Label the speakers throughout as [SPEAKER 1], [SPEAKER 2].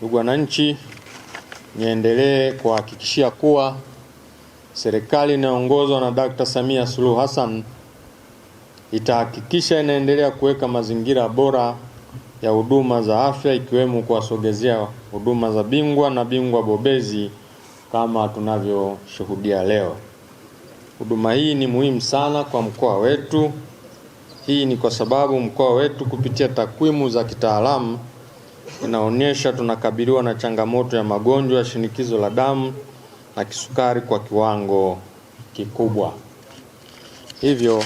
[SPEAKER 1] Ndugu wananchi, niendelee kuhakikishia kuwa serikali inayoongozwa na Dr. Samia Suluhu Hassan itahakikisha inaendelea kuweka mazingira bora ya huduma za afya ikiwemo kuwasogezea huduma za bingwa na bingwa bobezi kama tunavyoshuhudia leo. Huduma hii ni muhimu sana kwa mkoa wetu. Hii ni kwa sababu mkoa wetu kupitia takwimu za kitaalamu inaonyesha tunakabiliwa na changamoto ya magonjwa ya shinikizo la damu na kisukari kwa kiwango kikubwa. Hivyo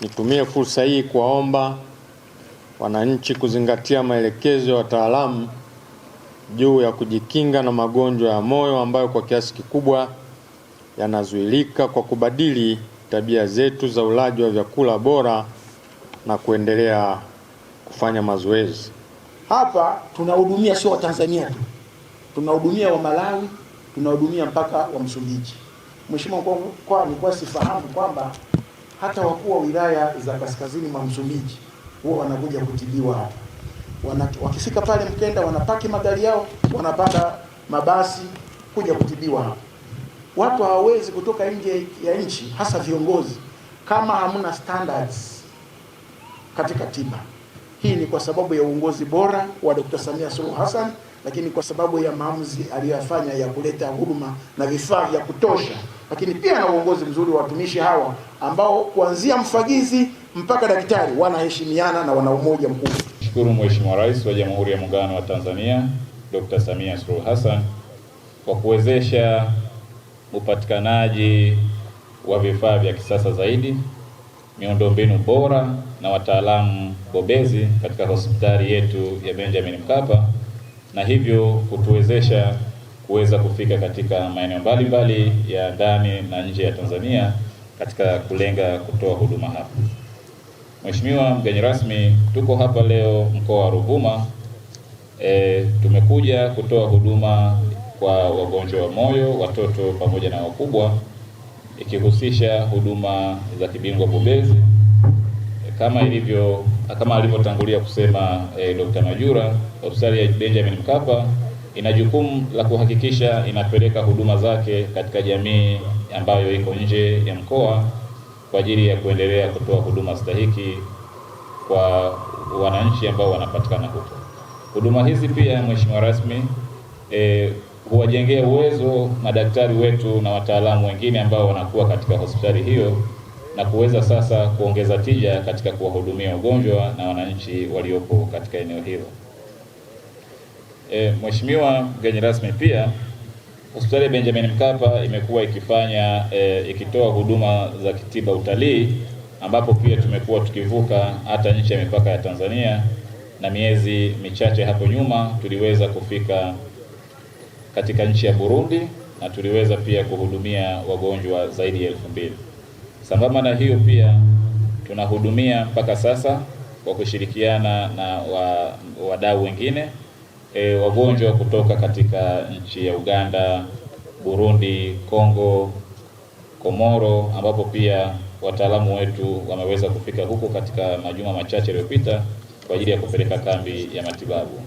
[SPEAKER 1] nitumie fursa hii kuwaomba wananchi kuzingatia maelekezo ya wataalamu juu ya kujikinga na magonjwa ya moyo ambayo kwa kiasi kikubwa yanazuilika kwa kubadili tabia zetu za ulaji wa vyakula bora na kuendelea kufanya mazoezi.
[SPEAKER 2] Hapa tunahudumia sio Watanzania tu, tunahudumia wa Malawi, tunahudumia mpaka wa Msumbiji. Mheshimiwa kwa nilikuwa sifahamu kwamba hata wakuu wa wilaya za kaskazini mwa Msumbiji huwa wanakuja kutibiwa hapa. Wana, wakifika pale Mkenda wanapaki magari yao, wanapanda mabasi kuja kutibiwa hapa. Watu hawawezi kutoka nje ya nchi, hasa viongozi, kama hamna standards katika tiba. Hii ni kwa sababu ya uongozi bora wa Dr. Samia Suluhu Hassan, lakini kwa sababu ya maamuzi aliyoyafanya ya kuleta huduma na vifaa vya kutosha, lakini pia na uongozi mzuri wa watumishi hawa ambao kuanzia mfagizi mpaka daktari wanaheshimiana na wana umoja mkubwa.
[SPEAKER 1] Shukuru Mheshimiwa Rais wa Jamhuri ya Muungano wa Tanzania Dr. Samia Suluhu Hassan kwa kuwezesha upatikanaji wa vifaa vya kisasa zaidi miundombinu bora na wataalamu bobezi katika hospitali yetu ya Benjamin Mkapa na hivyo kutuwezesha kuweza kufika katika maeneo mbalimbali ya ndani na nje ya Tanzania katika kulenga kutoa huduma hapa. Mheshimiwa mgeni rasmi, tuko hapa leo mkoa wa Ruvuma. E, tumekuja kutoa huduma kwa wagonjwa wa moyo, watoto pamoja na wakubwa ikihusisha huduma za kibingwa bobezi eh, kama ilivyo kama alivyotangulia kusema e, eh, Dr. Majura, hospitali ya Benjamin Mkapa ina jukumu la kuhakikisha inapeleka huduma zake katika jamii ambayo iko nje ya mkoa kwa ajili ya kuendelea kutoa huduma stahiki kwa wananchi ambao wanapatikana huko. Huduma hizi pia Mheshimiwa rasmi e, kuwajengea uwezo madaktari wetu na wataalamu wengine ambao wanakuwa katika hospitali hiyo na kuweza sasa kuongeza tija katika kuwahudumia wagonjwa na wananchi waliopo katika eneo hilo. E, Mheshimiwa mgeni rasmi, pia hospitali ya Benjamin Mkapa imekuwa ikifanya e, ikitoa huduma za kitiba utalii ambapo pia tumekuwa tukivuka hata nje ya mipaka ya Tanzania na miezi michache hapo nyuma tuliweza kufika katika nchi ya Burundi na tuliweza pia kuhudumia wagonjwa zaidi ya elfu mbili. Sambamba na hiyo pia tunahudumia mpaka sasa kwa kushirikiana na wadau wengine e, wagonjwa kutoka katika nchi ya Uganda, Burundi, Kongo, Komoro ambapo pia wataalamu wetu wameweza kufika huko katika majuma machache yaliyopita kwa ajili ya kupeleka kambi ya matibabu.